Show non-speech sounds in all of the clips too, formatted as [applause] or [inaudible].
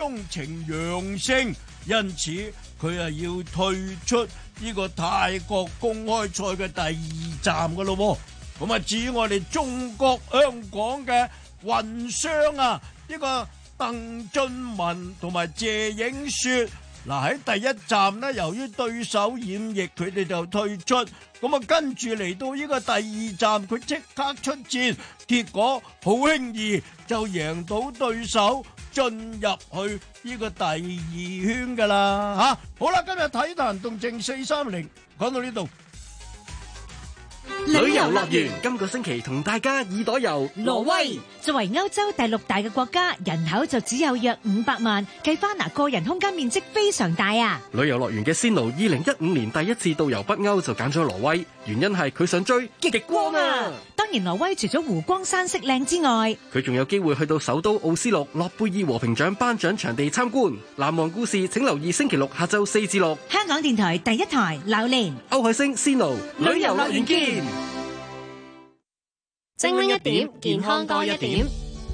鍾情陽性，因此佢係要退出呢個泰國公開賽嘅第二站嘅咯。咁啊，至於我哋中國香港嘅混雙啊，呢個鄧俊文同埋謝影雪，嗱喺第一站呢，由於對手染疫，佢哋就退出。咁啊，跟住嚟到呢個第二站，佢即刻出戰，結果好輕易就贏到對手。進入去呢個第二圈，噶啦吓，好啦，今日體壇動靜四三零，講到呢度。旅遊樂園今個星期同大家耳朵遊挪威。作為歐洲第六大嘅國家，人口就只有約五百萬，計翻嗱個人空間面積非常大啊！旅遊樂園嘅仙奴二零一五年第一次導遊北歐就揀咗挪威，原因係佢想追極光啊！當然挪威除咗湖光山色靚之外，佢仲有機會去到首都奧斯陸，諾貝爾和平獎頒獎場地參觀。難忘故事，請留意星期六下晝四至六，香港電台第一台流年，歐海星仙奴旅遊樂園見。精溫一,一點，健康多一點。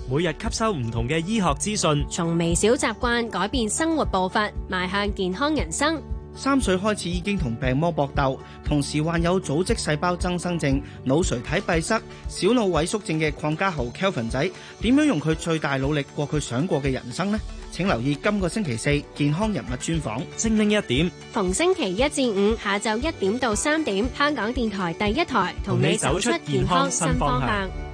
每日吸收唔同嘅醫學資訊，從微小習慣改變生活步伐，邁向健康人生。三歲開始已經同病魔搏鬥，同時患有組織細胞增生症、腦垂體閉塞、小腦萎縮症嘅鄺家豪 Kelvin 仔，點樣用佢最大努力過佢想過嘅人生呢？請留意今個星期四健康人物專訪。精靈一點，逢星期一至五下晝一點到三點，香港電台第一台同你走出健康新方向。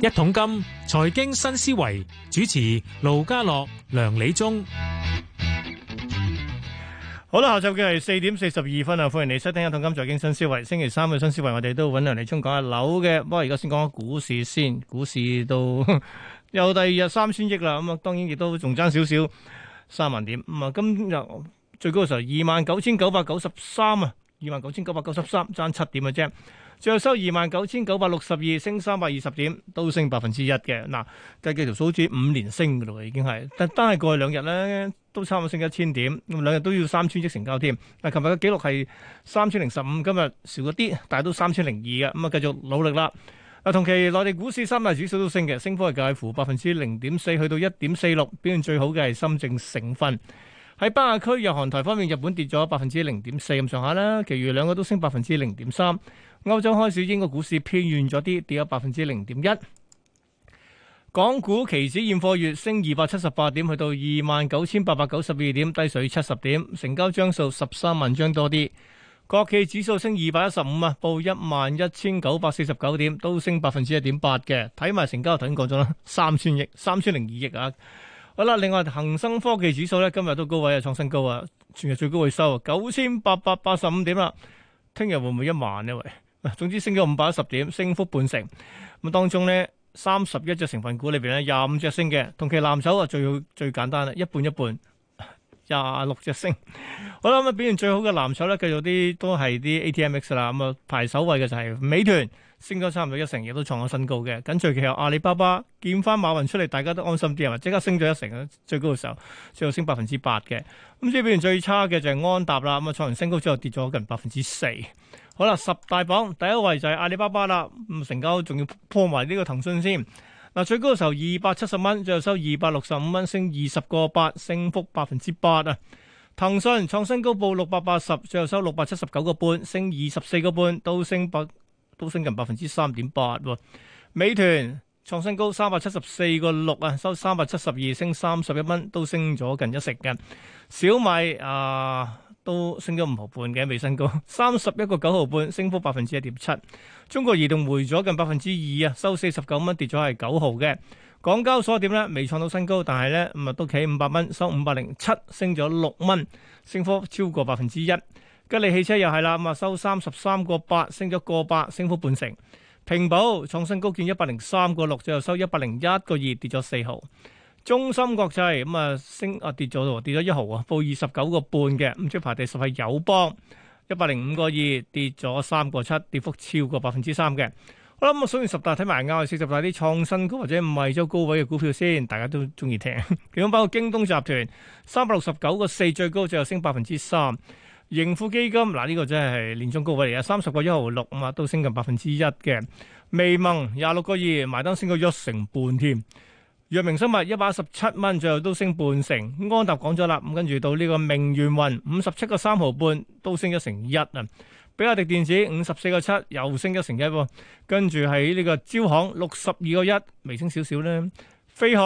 一桶金財經新思維，主持盧家樂、梁李忠，好啦，下晝嘅係四點四十二分啊！歡迎你收聽一桶金財經新思維。星期三嘅新思維，我哋都揾梁李忠講下樓嘅，不過而家先講下股市先。股市到又第二日三千億啦，咁啊，當然亦都仲爭少少三萬點。咁啊，今日最高嘅時候二萬九千九百九十三啊，二萬九千九百九十三，爭七點嘅啫。最後收二萬九千九百六十二，升三百二十點，都升百分之一嘅。嗱，計計條數好似五年升嘅咯，已經係。但單係過去兩日呢，都差唔多升一千點，咁兩日都要三千億成交添。嗱，琴日嘅記錄係三千零十五，今日少咗啲，但係都三千零二嘅。咁啊，繼續努力啦。嗱，同期內地股市三大指數都升嘅，升幅係介乎百分之零點四去到一點四六，表現最好嘅係深證成分。喺亞太區日韓台方面，日本跌咗百分之零點四咁上下啦，其餘兩個都升百分之零點三。歐洲開市，英國股市偏軟咗啲，跌咗百分之零點一。港股期指現貨月升二百七十八點，去到二萬九千八百九十二點，低水七十點，成交張數十三萬張多啲。國企指數升二百一十五啊，報一萬一千九百四十九點，都升百分之一點八嘅。睇埋成交，頭先講咗啦，三千億，三千零二億啊。好啦，另外恒生科技指數呢，今日都高位啊，創新高啊，全日最高位收九千八百八十五點啦。聽日會唔會一萬呢？喂？總之升咗五百一十點，升幅半成。咁當中咧，三十一隻成分股裏邊咧，廿五隻升嘅。同期藍籌啊，最最簡單啦，一半一半，廿六隻升。好啦，咁啊表現最好嘅藍籌咧，繼續啲都係啲 ATMX 啦。咁啊排首位嘅就係美團，升咗差唔多一成，亦都創咗新高嘅。緊隨其後阿里巴巴，見翻馬雲出嚟，大家都安心啲啊嘛！即刻升咗一成，最高嘅時候，最後升百分之八嘅。咁即係表現最差嘅就係安踏啦。咁啊，創完新高之後跌咗近百分之四。好啦，十大榜第一位就係阿里巴巴啦，唔成交仲要破埋呢個騰訊先。嗱，最高嘅時候二百七十蚊，最後收二百六十五蚊，升二十個八，升幅百分之八啊。騰訊創新高報六百八十，最後收六百七十九個半，升二十四個半，都升百都升近百分之三點八。美團創新高三百七十四個六啊，收三百七十二，升三十一蚊，都升咗近一成嘅。小米啊。呃都升咗五毫半嘅，未新高，三十一個九毫半，升幅百分之一點七。中國移動回咗近百分之二啊，收四十九蚊，跌咗係九毫嘅。港交所點呢？未創到新高，但係呢咁啊，都企五百蚊，收五百零七，升咗六蚊，升幅超過百分之一。吉利汽車又係啦，咁啊，收三十三個八，升咗個八，升幅半成。平保創新高，見一百零三個六，最後收一百零一個二，跌咗四毫。中芯國際咁啊升啊跌咗咯，跌咗一毫啊，報二十九個半嘅。咁出排第十係友邦，一百零五個二，跌咗三個七，跌幅超過百分之三嘅。好啦，咁啊數完十大，睇埋亞四十大啲創新高或者唔賣咗高位嘅股票先，大家都中意聽。其中包括京東集團三百六十九個四，最高最後升百分之三。盈富基金嗱呢個真係年中高位嚟啊，三十個一毫六啊嘛，都升近百分之一嘅。微盟廿六個二，埋單升過一成半添。藥明生物一百一十七蚊，最後都升半成。安踏講咗啦，咁跟住到呢個明源雲五十七個三毫半，都升咗成一啊。比亞迪電子五十四個七，又升咗成一。跟住喺呢個招行六十二個一，微升少少咧。飛鶴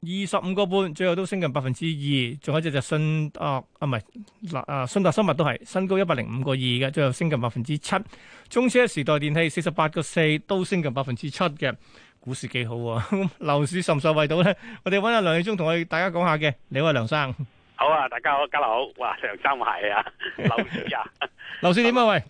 二十五個半，最後都升近百分之二。仲有一隻就信達，啊唔係嗱，啊信達生物都係新高一百零五個二嘅，最後升近百分之七。中車時代電器四十八個四，都升近百分之七嘅。的股市幾好啊？樓市受唔受惠到咧？我哋揾阿梁宇忠同我哋大家講下嘅，你好啊，梁生。好啊，大家好，交流好。哇，梁生係啊，樓市啊，樓市點啊？喂，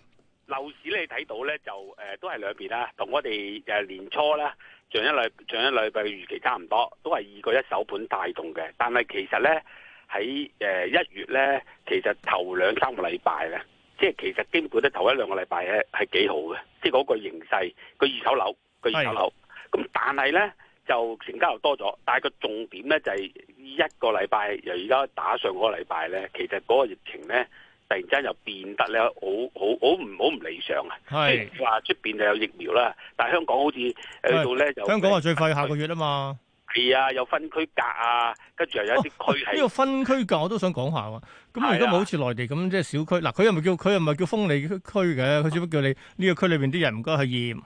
樓市你睇到咧就誒都係兩邊啦，同我哋誒年初啦，上一禮上一禮拜嘅預期差唔多，都係二個一手盤帶動嘅。但係其實咧喺誒一月咧，其實頭兩三個禮拜咧，即係其實基本咧頭一兩個禮拜咧係幾好嘅，即係嗰個形勢，個二手樓，個二手樓。咁但係咧就成交又多咗，但係個重點咧就係一個禮拜由而家打上個禮拜咧，其實嗰個疫情咧突然間又變得咧好好好唔好唔理想啊！即係話出邊就有疫苗啦，但係香港好似去到咧就香港話最快下個月啊嘛，係啊有分區隔啊，跟住又有一啲區係呢、哦這個分區隔我都想講下喎。咁如果冇好似內地咁即係小區，嗱佢又咪叫佢又咪叫封離區嘅，佢只不過叫你呢個區裏面啲人唔該去驗。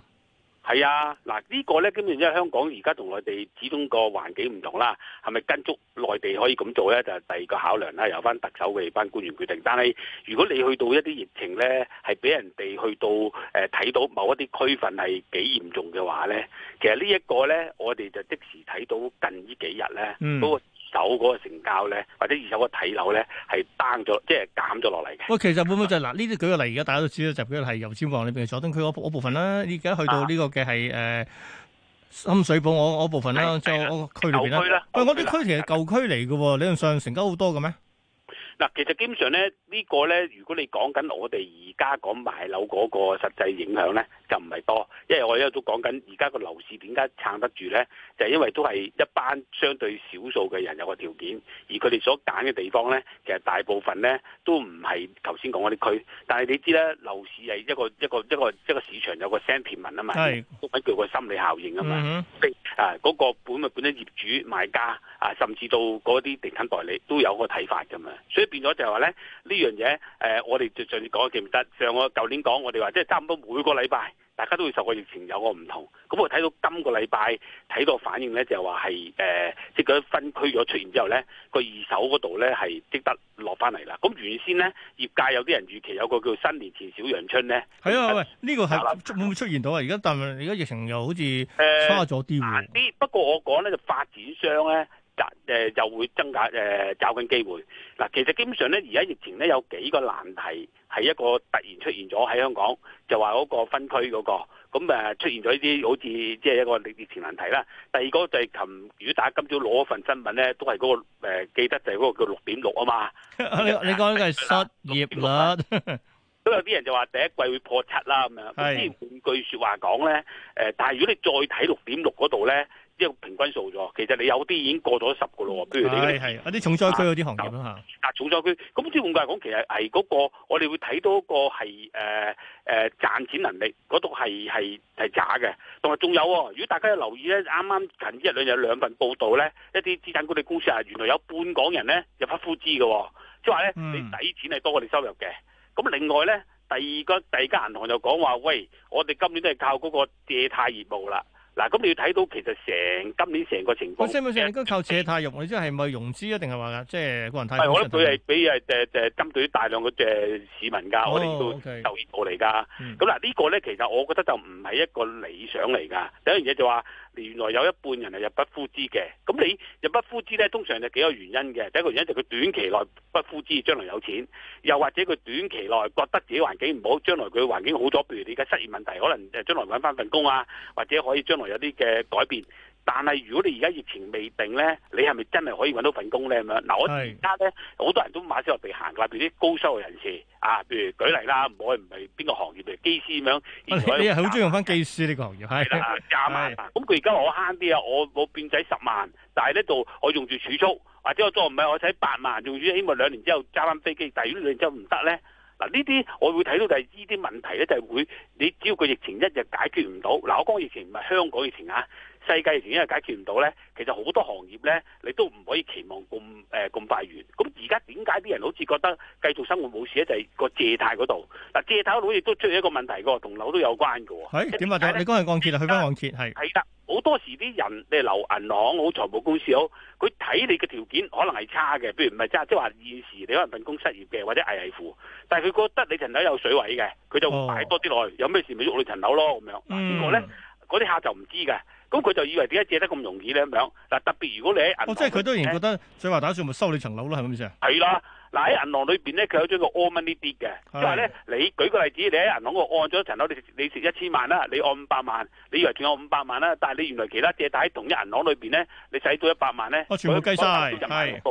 係啊，嗱、這、呢個呢，根本因為香港而家同內地始終個環境唔同啦，係咪跟足內地可以咁做呢？就係、是、第二個考量啦，由翻特首嘅班官員決定。但係如果你去到一啲疫情呢，係俾人哋去到睇、呃、到某一啲區份係幾嚴重嘅話呢，其實呢一個呢，我哋就即時睇到近呢幾日呢。有嗰個成交咧，或者二手個睇樓咧，係 down 咗，即係減咗落嚟嘅。我其實會唔會就嗱呢啲舉個例，而家大家都知啦，就比如係油尖旺裏邊佐敦區嗰部分啦，而家去到呢個嘅係誒深水埗我部分啦，即係我區嚟啦。喂，我啲區其實舊區嚟嘅喎，理論上成交好多嘅咩？嗱，其實基本上咧，呢個、呢個咧，如果你講緊我哋而家講買樓嗰個實際影響咧，就唔係多，因為我一路都講緊而家個樓市點解撐得住咧，就係、因為都係一班相對少數嘅人有個條件，而佢哋所揀嘅地方咧，其實大部分咧都唔係頭先講嗰啲區。但係你知咧，樓市係一個一個一個一個市場有個 sentiment 啊嘛，都一句個心理效應啊嘛、嗯，啊，嗰、嗰個本物本身業主、賣家啊，甚至到嗰啲地產代理都有個睇法㗎嘛，所以。變咗就係話咧，呢樣嘢誒、呃，我哋就上次講記唔得，上個舊年講，我哋話即係差唔多每個禮拜，大家都會受個疫情有個唔同。咁我睇到今個禮拜睇到反應咧，就話係誒，即係嗰分區咗出現之後咧，個二手嗰度咧係即得落翻嚟啦。咁原先咧，業界有啲人預期有個叫新年前小陽春咧。係啊、嗯，喂，呢、呢個係會唔會出現到啊？而家但係而家疫情又好似差咗啲、呃，難啲。不過我講咧就發展商咧。誒就會增加誒，抓、呃、緊機會嗱。其實基本上咧，而家疫情咧有幾個難題，係一個突然出現咗喺香港，就話嗰個分區嗰、那個咁誒出現咗呢啲好似即係一個疫疫情難題啦。第二個就係琴如果大家今朝攞份新聞咧，都係嗰、那個誒、呃、記得就係嗰個叫六點六啊嘛。 [laughs] 你你講緊係失業率，都有啲人就話第一季會破七啦咁樣。即 [laughs] 係換句説話講咧，誒、呃，但係如果你再睇六點六嗰度咧。即係平均數咗，其實你有啲已經過咗十個咯喎，譬如你啲重災區啲行業啦嚇、啊。啊，重災區，咁即係換句話講其實係嗰、嗰個、我哋會睇到個係誒誒賺錢能力度係係係渣嘅。同埋仲有，如果大家有留意咧，啱啱近一兩日有兩份報道咧，一啲資產管理公司啊，原來有半港人咧入不敷支嘅，即係話咧你抵錢係多過你收入嘅。咁另外咧，第二間第二間銀行就講話，喂，我哋今年都係靠嗰個借貸業務啦。嗱，咁你要睇到其實成今年成個、啊、個情況，我先唔先？如果靠借貸用，我知係咪融資啊？定係話即係個人貸款？係，我覺得佢係俾誒誒誒針對大量嘅誒市民噶，oh, okay. 我哋、嗯嗯、呢度受益嚟噶。咁嗱，呢個咧其實我覺得就唔係一個理想嚟㗎。第一樣嘢就話、是。原來有一半人係入不敷支嘅，咁你入不敷支呢，通常就幾個原因嘅。第一個原因就佢短期內不敷支，將來有錢；又或者佢短期內覺得自己環境唔好，將來佢環境好咗，譬如你而家失業問題，可能誒將來揾翻份工啊，或者可以將來有啲嘅改變。但係如果你而家疫情未定咧，你係咪真係可以搵到份工咧咁樣？嗱，我而家咧好多人都馬上落地行㗎，譬如啲高收入人士啊，譬如舉例啦，唔可以唔係邊個行業譬如機師咁樣。好中意用翻機師呢個行業。係、啊、啦，廿萬咁佢而家我慳啲啊，我我，我變仔十萬，但係咧度我用住儲蓄，或者我再唔係我使八萬，用住希望兩年之後揸翻飛機。但係如果兩年之後唔得咧，嗱呢啲我會睇到就係呢啲問題咧，就係會你只要個疫情一日解決唔到，嗱、啊、我講個疫情唔係香港疫情啊。世界劃原因解決唔到咧，其實好多行業咧，你都唔可以期望咁誒咁快完。咁而家點解啲人好似覺得繼續生活冇事咧？就係、是、個借貸嗰度。嗱，借貸嗰度亦都出現一個問題嘅，同樓都有關嘅。係點啊，你講係按揭了是的去翻按揭係係得好多時啲人，你樓銀行好，財務公司好，佢睇你嘅條件可能係差嘅。譬如唔係差，即係話現時你可能份工失業嘅，或者挨挨扶，但係佢覺得你層樓有水位嘅，佢就不買多啲落去。哦、有咩事咪喐你層樓咯咁樣。嗯，邊、那個咧？嗰啲客就唔知嘅。咁佢就以為點解借得咁容易咧咁樣嗱，特別如果你喺銀行，即係佢當然覺得，最話打算咪收你層樓啦係咪先啊？係啦，嗱喺銀行裏邊咧，佢有咗個按蚊呢啲嘅，即係咧你,、啊就是、你舉個例子，你喺銀行按咗層樓，你你蝕一千萬啦，你按五百萬，你以為仲有五百萬啦，但係你原來其他借貸喺同一銀行裏邊咧，你使到一百萬咧，我、哦、全部計晒係，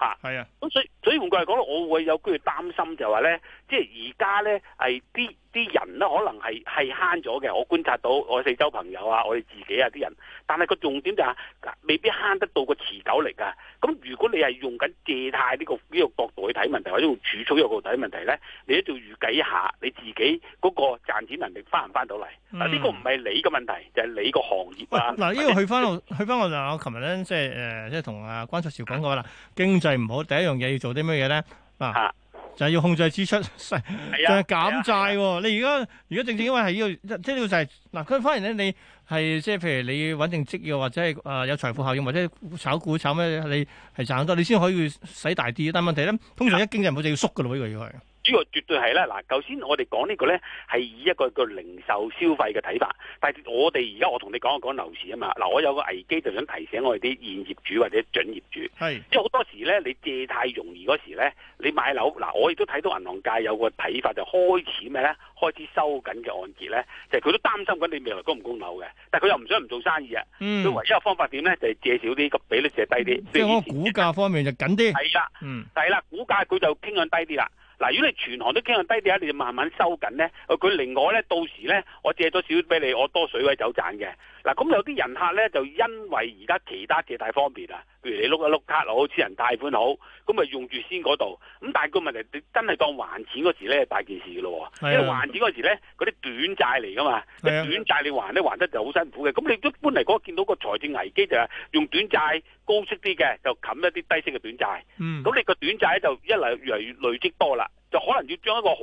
吓係啊，咁所以所以換句話講，我會有機會擔心就話咧。即係而家咧，係啲啲人咧，可能係係慳咗嘅。我觀察到我四周朋友啊，我哋自己啊啲人。但係個重點就係、是、未必慳得到個持久力㗎、啊。咁如果你係用緊借貸呢、這個呢、這個角度去睇問題，或者用儲儲入角度睇問題咧，你都要預計一下你自己嗰個賺錢能力翻唔翻到嚟、嗯？啊，呢、這個唔係你嘅問題，就係、是、你個行業啊。嗱、啊，呢、這個去翻 [laughs] 去翻我，我昨就我琴日咧即係即係同阿關卓潮講過啦。經濟唔好，第一樣嘢要做啲咩嘢咧？啊。啊就係要控制支出，就係減債。你而家如果正正因為係要聽到，就係嗱，佢反而咧你係即係譬如你穩定職業或者係誒有財富效應或者炒股炒咩，你係賺得多，你先可以使大啲。但係問題咧，通常一經濟唔好就要縮噶咯，呢個要係。主要絕對係咧，嗱，頭先我哋講呢個咧係以一個叫零售消費嘅睇法，但係我哋而家我同你講一講樓市啊嘛，嗱，我有個危機就想提醒我哋啲現業主或者準業主，係，因為好多時咧你借貸容易嗰時咧，你買樓，嗱，我亦都睇到銀行界有個睇法，就開始咩咧？開始收緊嘅按揭咧，就佢、是、都擔心緊你未來供唔供樓嘅，但佢又唔想唔做生意啊，佢、嗯、唯一嘅方法點咧？就係、是、借少啲，個比率借低啲，即係我估價方面就緊啲，係啦，嗯，係啦、嗯嗯，估價佢就傾向低啲啦。嗱，如果你全行都傾向低啲，你就慢慢收緊咧。佢另外咧，到時咧，我借咗少俾你，我多水位走賺嘅。嗱，咁有啲人客咧，就因為而家其他嘢太方便啊，譬如你碌一碌卡好，私人貸款好，咁咪用住先嗰度。咁但係個問題，真係當還錢嗰時咧，大件事嘅咯、啊。因為還錢嗰時咧，嗰啲短債嚟噶嘛，短債你還咧，還得就好辛苦嘅。咁你一般嚟講，見到個財政危機就係用短債高息啲嘅，就冚一啲低息嘅短債。嗯。咁你個短債就一嚟越嚟越累積多啦。就可能要將一個好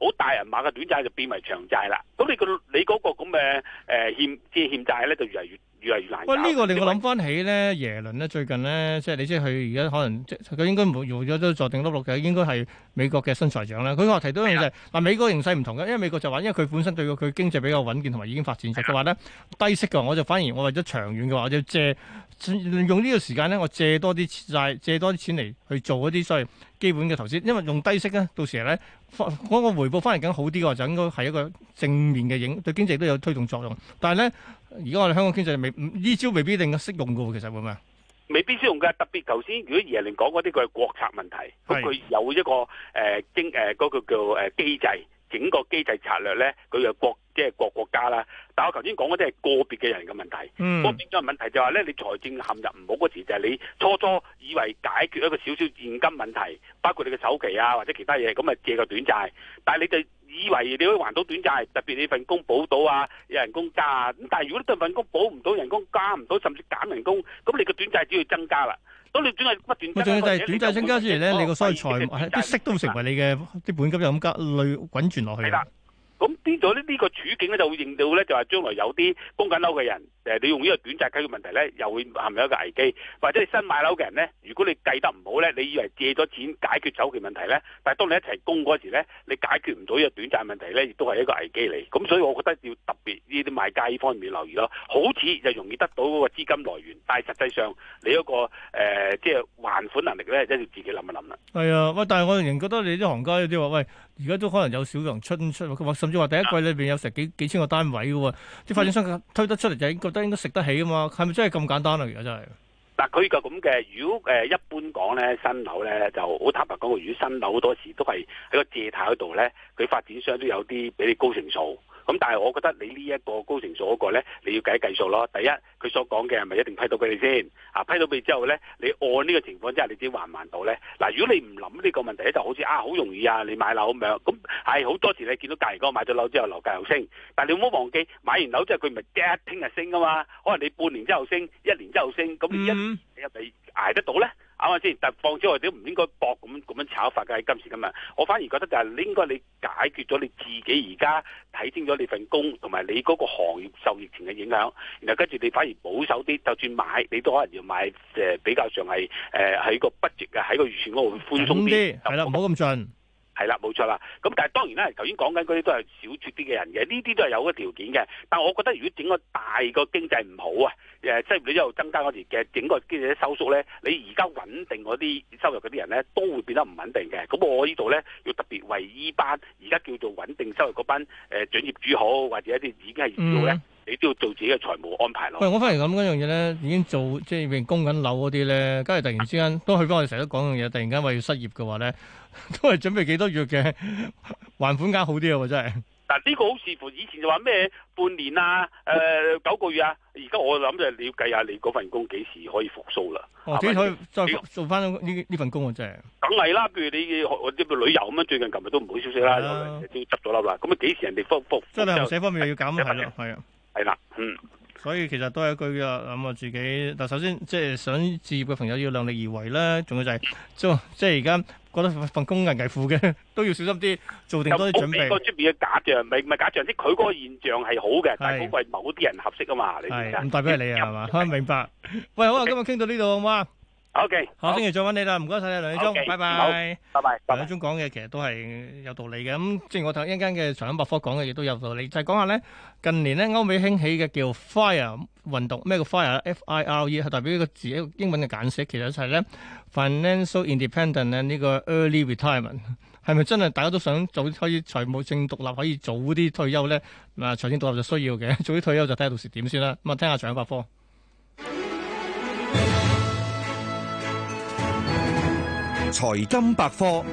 好大人馬嘅短債就變為長債啦，咁你、個你嗰個咁嘅誒欠即係欠債咧就越嚟越。喂，這個、想呢個令我諗翻起咧耶倫，咧最近咧，即係你知佢而家可能，佢應該冇用咗都坐定碌碌嘅，應該係美國嘅新財長啦。佢話提到嘅嘢就係嗱，美國形勢唔同嘅，因為美國就話因為佢本身對佢經濟比較穩健同埋已經發展咗嘅話咧，低息嘅我就反而我為咗長遠嘅話，我就借用呢個時間咧，我借多啲債，借多啲錢嚟去做嗰啲所謂基本嘅投資，因為用低息咧，到時咧嗰個回報翻嚟梗好啲嘅話，就應該係一個正面嘅影，對經濟都有推動作用。但係咧。而家我哋香港經濟未依招未必一定適用嘅喎，其實會唔未必適用嘅，特別頭先如果葉連講嗰啲，佢係國策問題，咁佢有一個誒、呃呃嗰個、叫，叫機制，整個機制策略咧，佢嘅國即係各國家啦。但係我頭先講嗰啲係個別嘅人嘅問題。嗯。嗰變咗問題就係、是、咧，你財政陷入唔好嗰時，就係、是、你初初以為解決一個少少現金問題，包括你嘅首期啊或者其他嘢，咁咪借個短債，但係你哋。以為你可以還到短債，特別你份工補到啊，有人工加啊。咁但係如果你對份工補唔到，人工加唔到，甚至減人工，咁你個短債只要增加啦。咁你短係不斷。我仲要係短債增加之餘咧，你個衰財啲息都成為你嘅啲本金又咁加累滾轉落去。咁變咗呢呢個處境咧就會認到咧，就係將來有啲供緊樓嘅人，你用呢個短債解決問題咧，又會陷入一個危機；或者你新買樓嘅人咧，如果你計得唔好咧，你以為借咗錢解決首期問題咧，但係當你一齊供嗰時咧，你解決唔到呢個短債問題咧，亦都係一個危機嚟。咁所以，我覺得要特別呢啲買家呢方面留意咯。好似就容易得到個資金來源，但係實際上你一個即係還款能力咧，真係要自己諗一諗啦。係啊，喂！但係我仍然覺得你啲行家有啲話，喂，而家都可能有小陽春出出，就話第一季裏邊有成幾幾千個單位喎，啊，啲發展商推得出嚟就已經覺得應該食得起啊嘛，係咪真係咁簡單啊？而家真係。嗱，佢就咁嘅。如果誒一般講咧，新樓咧就好坦白講，如果新樓好多時都係喺個借貸嗰度咧，佢發展商都有啲俾你高成數。咁但係我覺得你呢一個高成數嗰個咧，你要計一計數咯。第一，佢所講嘅係咪一定批到俾你先？啊，批到俾你之後咧，你按呢個情況之下，你知還唔還到咧？嗱，如果你唔諗呢個問題咧，就好似啊好容易啊，你買樓咁樣咁。係好多時你見到隔籬哥買咗樓之後樓價又升，但係你唔好忘記買完樓之後佢唔係驚聽日升噶嘛，可能你半年之後升，一年之後升，咁你一一比捱得到咧啱啱先？但係放之我哋都唔應該搏咁咁樣炒法嘅。喺今時今日，我反而覺得就係你應該你解決咗你自己而家睇清楚你份工，同埋你嗰個行業受疫情嘅影響，然後跟住你反而保守啲，就算買你都可能要買誒、呃、比較上係誒喺個不值嘅喺個預算嗰度寬鬆啲，係啦，唔好咁盡。嗯係啦，冇錯啦。咁但係當然啦，頭先講緊嗰啲都係少數啲嘅人嘅，呢啲都係有個條件嘅。但係我覺得，如果整個大個經濟唔好啊，誒，你一又增加嗰時嘅整個經濟收縮咧，你而家穩定嗰啲收入嗰啲人咧，都會變得唔穩定嘅。咁我呢度咧要特別為依班而家叫做穩定收入嗰班誒、呃、準業主好，或者一啲已經係業主咧。嗯。你都要做自己嘅財務安排囉。喂，我反而諗嗰樣嘢咧，已經做即係入邊供緊樓嗰啲咧，梗係突然之間都去翻我哋成日都講嘅嘢，突然間話要失業嘅話咧，都係準備幾多月嘅還款額好啲喎，真係。嗱呢個好似乎以前就話咩半年啊，誒、呃、九個月啊，而家我諗就係你要計下你嗰份工幾時可以復甦啦。或、哦、者可以再做翻呢呢份工啊，真係。梗係啦，譬如你我啲去旅遊咁樣，最近琴日都唔好消息啦，都執咗笠啦。咁啊幾時人哋復復？即係旅行社方面要減。係係啊。係啦，嗯，所以其實都係一句嘅諗我自己。但首先，即係想置業嘅朋友要量力而為啦。仲有就係、是，即係即係而家覺得份工危危付嘅，都要小心啲，做定多啲準備。不過美國出邊嘅假象，唔係假象，即係佢嗰個現象係好嘅，但係好為某啲人合適啊嘛。你，唔代表係你啊，係、嗯、嘛？聽得明白？喂，好啊，okay. 今日傾到呢度好嘛？Okay, 好嘅，我星期再揾你啦，唔該晒啊梁宇忠，拜拜，拜、okay, 拜。梁宇忠講嘅其實都係有道理嘅，咁即係我頭一間嘅長興百科講嘅亦都有道理。就係、是、講下咧，近年咧歐美興起嘅叫 fire 運動，咩個 fire？F I R E 係代表一個字，一個英文嘅簡寫，其實就係咧 financial independent 咧呢個 early retirement 係咪真係大家都想早啲可以財務正獨立，可以早啲退休咧？啊，財政獨立就需要嘅，早啲退休就睇下到時點先啦。咁、嗯、啊，聽下長興百科。財金百科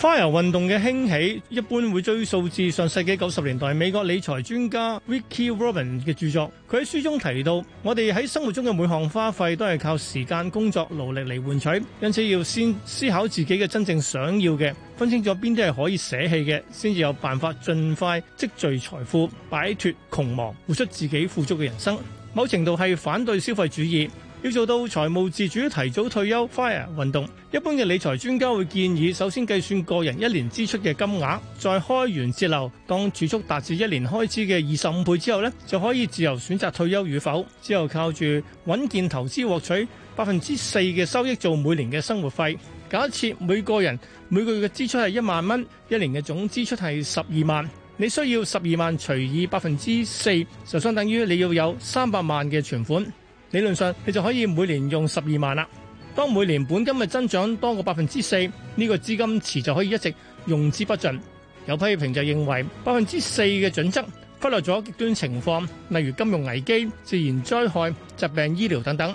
，FIRE 運動嘅興起一般會追溯至上世紀九十年代美國理財專家 Vicky Robin 嘅著作。佢喺書中提到，我哋喺生活中嘅每項花費都係靠時間、工作、勞力嚟換取，因此要先思考自己嘅真正想要嘅，分清楚邊啲係可以捨棄嘅，先至有辦法盡快積聚財富，擺脱窮忙，活出自己富足嘅人生。某程度係反對消費主義。要做到財務自主，提早退休 fire 運動，一般嘅理財專家會建議，首先計算個人一年支出嘅金額，再開源節流。當儲蓄達至一年開支嘅二十五倍之後呢，就可以自由選擇退休與否。之後靠住穩健投資獲取百分之四嘅收益做每年嘅生活費。假設每個人每個月嘅支出係一萬蚊，一年嘅總支出係十二萬，你需要十二萬除以百分之四，就相等於你要有三百萬嘅存款。理論上你就可以每年用十二萬啦。當每年本金嘅增長多過百分之四，呢個資金池就可以一直用之不盡。有批評就認為百分之四嘅準則忽略咗極端情況，例如金融危機、自然災害、疾病醫療等等。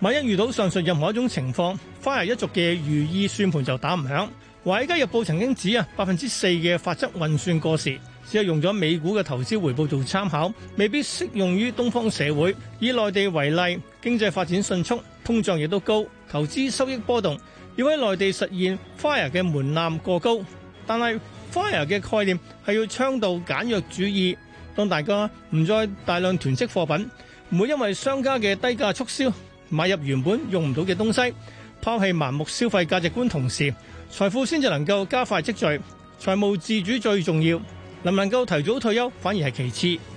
萬一遇到上述任何一種情況，花來一族嘅如意算盤就打唔響。《華爾街日報》曾經指啊，百分之四嘅法則運算過時。只係用咗美股嘅投資回報做參考，未必適用於東方社會。以內地為例，經濟發展迅速，通脹亦都高，投資收益波動，要喺內地實現 fire 嘅門檻過高。但係 fire 嘅概念係要倡導簡約主義，當大家唔再大量囤積貨品，唔會因為商家嘅低價促銷買入原本用唔到嘅東西，拋棄盲目消費價值觀，同時財富先至能夠加快積聚，財務自主最重要。能唔能夠提早退休，反而係其次。